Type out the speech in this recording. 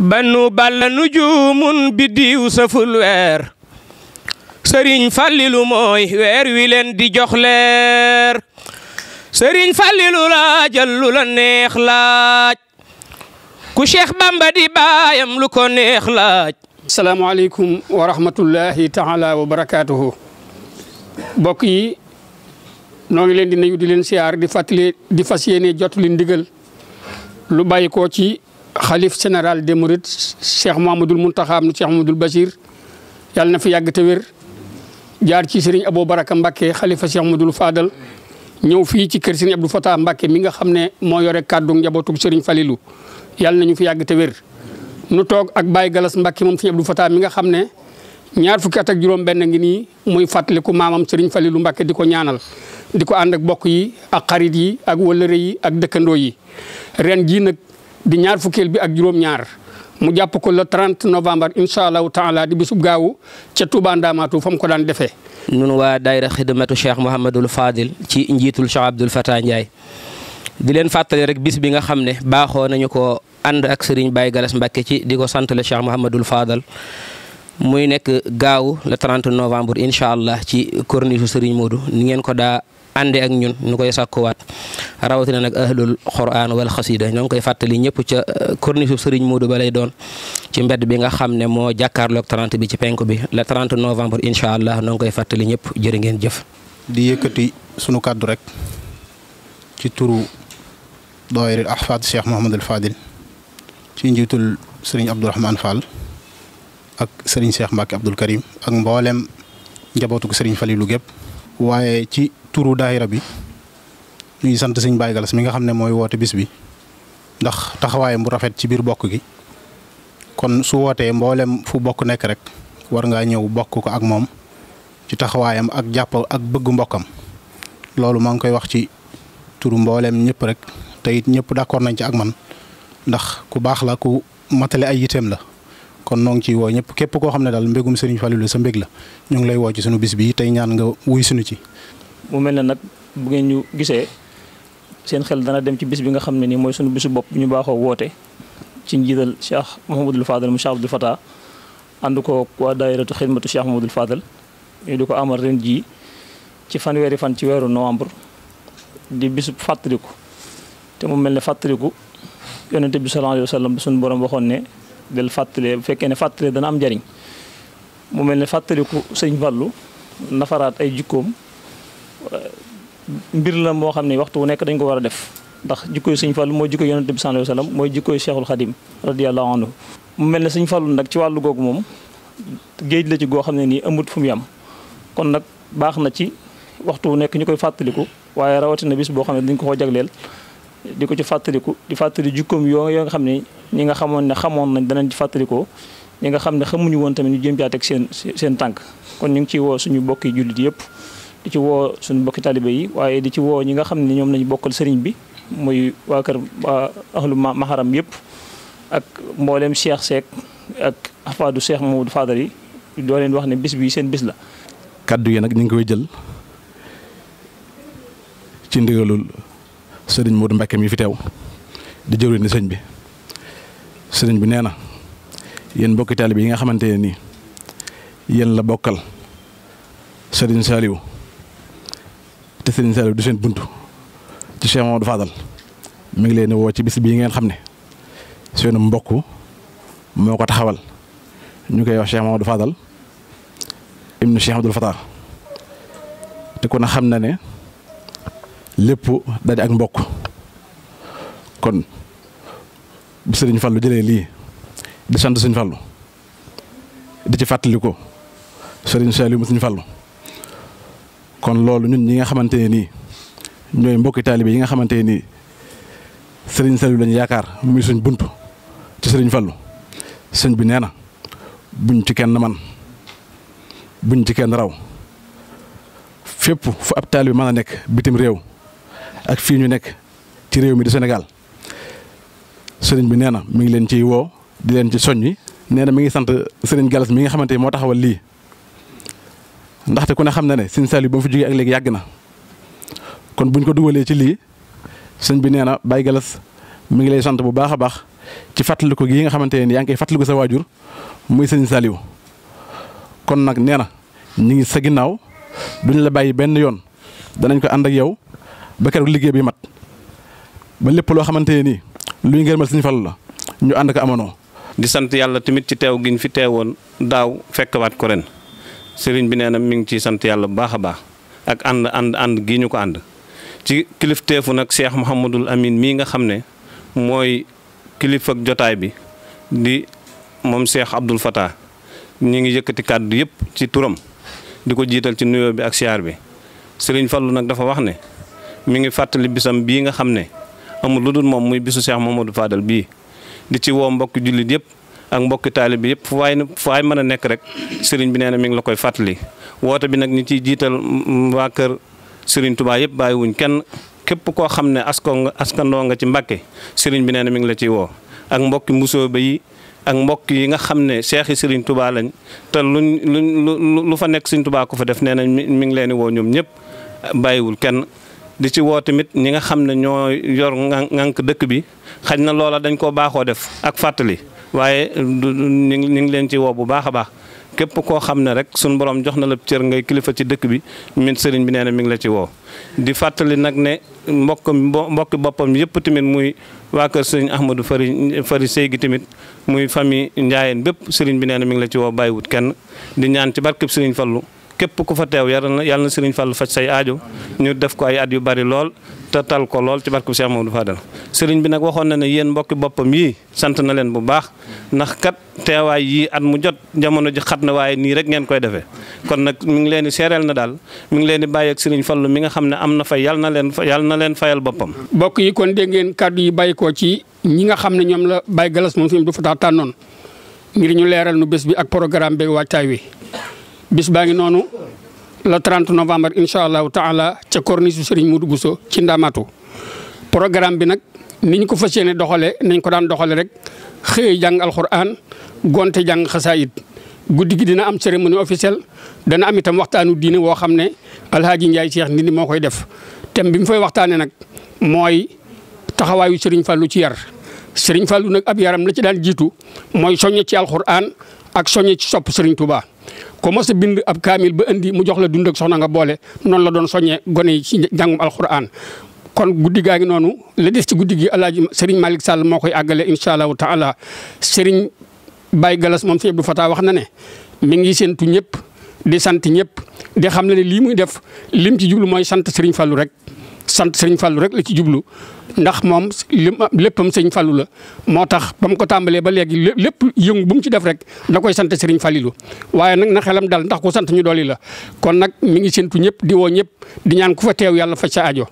banu balla nujuumun biddiw saful weer sëriñ fàllilu mooy weer wi leen di jox leer sëriñ fàllilu laajal lu la neex laaj ku cheikh bamba di baayam lu ko neex laaj asalaamaaleykum wa rahmatullahi taala wa barakaatuhu bokk yi noo ngi leen di nuyu di leen siyaar di fàttali di jot li ndigal lu bàyyi ko xalif sénéral des mourides cheikh Mouhamadul Mountakha am na cheikh Mouhamadul Bachir yàlla na fi yàgg te wér jaar ci sëriñ Abou Baraka Mbacke xalifa cheikh dul faadal ñëw fii ci kër sëriñ Abdou Fatah Mbacke mi nga xam ne moo yore kàddu njabootug sëriñ Falilou yàlla na ñu fi yàgg te wér. nu toog ak Baye Galas Mbacke moom sëriñ Abdou Fatah mi nga xam ne ñaar fukki at ak juróom-benn ngi nii muy fàttaliku maamam sëriñ falilu mbakke di ko ñaanal. di ko ànd ak bokk yi ak xarit yi ak wëllëre yi ak dëkkandoo yi ren jii nag di ñaar fukkeel bi ak juróom-ñaar mu jàpp ko le 30 novembre incha allahu taala di bisub gaawu ca Touba Ndamaatu fa mu ko daan defee. ñun waa daayira xidmatu Cheikh Mouhamadul Fadil ci njiitul Cheikh Abdoul Fatah Ndiaye di leen fàttali rek bis bi nga xam ne baaxoo nañu ko ànd ak Serigne Baye Galas Mbacke ci di ko sant le Cheikh Mouhamadul Fadal. muy nekk gaawu le 30 novembre incha allah ci corniche Serigne Modou ni ko daa àndee ak ñun ñu koy sàkkuwaat rawatina nag ahlul quran wal xasida ñoo ngi koy fàttali ñëpp ca uh, corniche Serigne Modou ba lay doon ci mbedd bi nga xam ne moo jàkkaarloog 30 bi ci penk bi le 30 novembre incha allah ñoo koy fàttali ñëpp jërë ngeen jëf. di yëkkati sunu kàddu rek ci turu daayira ahfaad Cheikh Mouhamadul Fadil ci njiitul Serigne Abdourahmane Fall ak Serigne Cheikh Mbacke Abdoul Karim ak mboolem njabootu ko Serigne gépp waaye ci turu daayira bi ñuy sant sëñ Baye Galas mi nga xam ne mooy woote bis bi ndax taxawaayam bu rafet ci biir bokk gi kon su wootee mboolem fu bokk nekk rek war ngaa ñëw bokk ko ak moom ci taxawaayam ak jàpp ak bëgg mbokkam loolu maa ngi koy wax ci turu mboolem ñëpp rek tey it ñëpp d'accord nañ ci ak man ndax ku baax la ku matale ay yiteem la kon noo ngi ciy woo ñëpp képp koo xam ne daal mbégum Serigne Fallou sa mbég la ñu ngi lay woo ci sunu bis bi tey ñaan nga wuy sunu ci. mu mel ne nag bu ngeen ñu gisee seen xel dana dem ci bis bi nga xam ne nii mooy sunu bisu bopp ñu baaxoo woote ci njiital Cheikh Mouhamadul Fadal mu Cheikh Abdoul Fatah ànd ko waa daayiratu xidmatu Cheikh Mouhamadul Fadal ñu di ko amal ren jii ci fanweeri fan ci weeru novembre di bisub fàttaliku te mu mel ne fàttaliku yonente bi sallallahu alayhi borom waxoon ne del fàttalee bu fekkee ne fàttalee dana am njariñ mu mel ne fàttaliku sëñ Fallu nafaraat ay jikkoom mbir la moo xam ne waxtu wu nekk dañ ko war a def ndax jikkoy suñu fal mooy jikkoy yonent bi sallallahu alayhi wa sallam mooy jikkoy Cheikhul Khadim radiyallahu anhu mu mel ne sëñ Fallou nag ci wàllu googu moom géej la ci goo xam ne nii amut fu mu yam kon nag baax na ci waxtu wu nekk ñu koy fàttaliku waaye rawatina bis boo xam ne dañ ko ko jagleel di ko ci fàttaliku di fàttali jikkoom yoo yoo nga xam ne ñi nga xamoon ne xamoon nañ danañ ci fàttalikoo ñi nga xam ne xamuñu woon tamit ñu jëm caa teg seen seen tànk kon ñu ngi ciy woo suñu bokki jullit yëpp di ci woo suñ bokki talibe yi waaye di ci woo ñi nga xam ne ñoom lañu bokkal sëriñ bi muy waa kër ahlu maharam yëpp ak mboolem Cheikh Seck ak afaadu Cheikh Mamadou Fadal yi doo leen wax ne bis bi seen bis la. kàddu yi nag ñu ngi koy jël ci ndigalul sëriñ Modou Mbacke mi sëñ bi sëriñ bi nee na yéen bokki talibe yi nga xamante ne nii yéen la bokkal sëriñ Saliou. te Serigne Saliou du seen buntu ci Cheikh Mamadou Fadal mu ngi leen woo ci bis bii ngeen xam ne seen mbokk moo ko taxawal ñu koy wax Cheikh Mamadou Fadal ibnu Cheikh Abdoul Fatah te kon xam na ne lépp daje ak mbokk kon bu Serigne Fallou lii di sant Serigne Fallou di ci fàttali ko Serigne Saliou mu kon loolu ñun ñi nga xamante ne nii ñooy mbokki taalibe yi nga xamante ne nii sëriñ Saliou lañu yaakaar muy suñ bunt ci sëriñ Fallou sëñ bi nee na buñ ci kenn man buñ ci kenn raw fépp fu ab taalibe mën a nekk bitim réew ak fii ñu nekk ci réew mi di senegal sëriñ bi nee na mi ngi leen ciy woo di leen ci soññi nee na mi ngi sant sëriñ Galas mi nga xamante ni moo taxawal lii. ndaxte ku ne xam na ne sëñ Saliou ba mu fi jógee ak léegi yàgg na kon buñ ko dugalee ci lii sëñ bi nee na Baye Galas mu ngi lay sant bu baax a baax ci fàttaliku gi nga xamante ne yaa ngi koy fàttaliku sa waajur muy sëñ Saliou kon nag nee na ñu ngi sa ginnaaw duñ la bàyyi benn yoon danañ ko ànd ak yow ba keroog liggéey bi mat ba lépp loo xamante ne nii luy ngërmal sëñ Fallu la ñu ànd ko amoonoo di sant yàlla tamit ci teew gi ñu fi teewoon daaw fekkwaat ko ren. sëriñ bi nee na mi ngi ci sant yàlla bu baax a baax ak ànd ànd ànd gii ñu ko ànd ci teefu nag Cheikh Mouhamadul Amin mii nga xam ne mooy kilif ak jotaay bi di moom Cheikh Abdoul Fatah ñi ngi yëkkati kàddu yëpp ci turam di ko jiital ci nuyoo bi ak siyaar bi sëriñ Fallu nag dafa wax ne mu ngi fàttali bisam bii nga xam ne amul lu dul moom muy bisu Cheikh Mouhamadou faadal bii di ci woo mbokk jullit yëpp. ak mbokki taalib bi yëpp fu waay fu mën a nekk rek sëriñ bi nee na mi ngi la koy fàttali woote bi nag ñu ciy jiital waa kër sëriñ Touba yëpp bàyyiwuñ kenn képp koo xam ne askoo askandoo nga ci Mbàkke sëriñ bi nee na mi ngi la ciy woo ak mbokki Mbusoobe yi ak mbokk yi nga xam ne seexi sëriñ tubaa lañ te luñ luñ lu fa nekk sëriñ tubaa ko fa def nee na mi ngi leen di woo ñoom ñëpp bàyyiwul kenn di ci woo tamit ñi nga xam ne ñoo yor ngànk dëkk bi xañ na loola dañ koo baaxoo def ak fàttali waaye euh, ñu ngi ñu ngi leen ci woo bu baax a baax képp koo xam ne rek sunu borom jox na la cër ngay kilifa ci dëkk bi min sëriñ bi nee na mi ngi la ci wow di fàttali nag ne mbokk mbokki boppam yëpp tamit muy waa kër sëriñ Ahmadou Fari Fari Sey gi tamit muy famille Ndiayeen bépp sëriñ bi nee na mi ngi la ci woo bàyyiwut kenn di ñaan ci barkeb sëriñ Fallu képp ku fa teew yàlla na yàlla na sëriñ Fallu faj say aajo ñu def ko ay at yu bari lool. te tal ko lool ci barke Cheikh Mamadou Fadal sëriñ bi nag waxoon na ne yéen mbokki boppam yii sant na leen bu baax ndax kat teewaay yii at mu jot jamono ji xat na waaye nii rek ngeen koy defee kon nag mu ngi leen di seereel na daal mu ngi leen di bàyyi ak sëriñ Fallu mi nga xam ne am na fay yal na leen yal na leen fayal boppam. mbokk yi kon dégg ngeen kàddu yi bàyyi ko ci ñi nga xam ne ñoom la Baye Galas moom suñu du fa tànnoon ngir ñu leeral nu bés bi ak programme bi waajtaay wi le 30 novembre incha allahu taala ca corniche Serigne Modou Bousso ci Ndamatu programme bi nag ni ko fas yéene doxalee nañ ko daan doxalee rek xëy jàng alxuraan gonte jàng xasaayit guddi gi dina am cérémonie officielle dana am itam waxtaanu diine woo xam ne alhaaji Ndiaye Cheikh Ndindi moo koy def thème bi mu fay waxtaanee nag mooy taxawaayu Serigne Fallou ci yar Serigne fallu nag ab yaram la ci daan jiitu mooy soññe ci alxuraan ak soññe ci sopp Serigne Touba. ko mos a bind ab kaamil ba indi mu jox la dund ak soxna nga boole noonu la doon soññee gone yi ci jàngum alxuraan kon guddi gaa ngi noonu la def ci guddi gi alaaji sëriñ malik Sall moo koy àggale incha allahu taala sëriñ Baye Galas moom sëñ Abdou Fatah wax na ne mi ngi séntu ñëpp di sant ñëpp di xam ne lii muy def lim ci jublu mooy sant sëriñ Fallou rek. sant sëriñ fallu rek la ci jublu ndax moom léppam sëriñ fallu la moo tax ba mu ko tàmbalee ba léegi lépp yëngu bu ci def rek da koy sant sëriñ Fallilou waaye nag na xelam dal ndax ku sant ñu dolli la kon nag mi ngi séntu ñëpp di woo ñëpp di ñaan ku fa teew yàlla fa sa ajo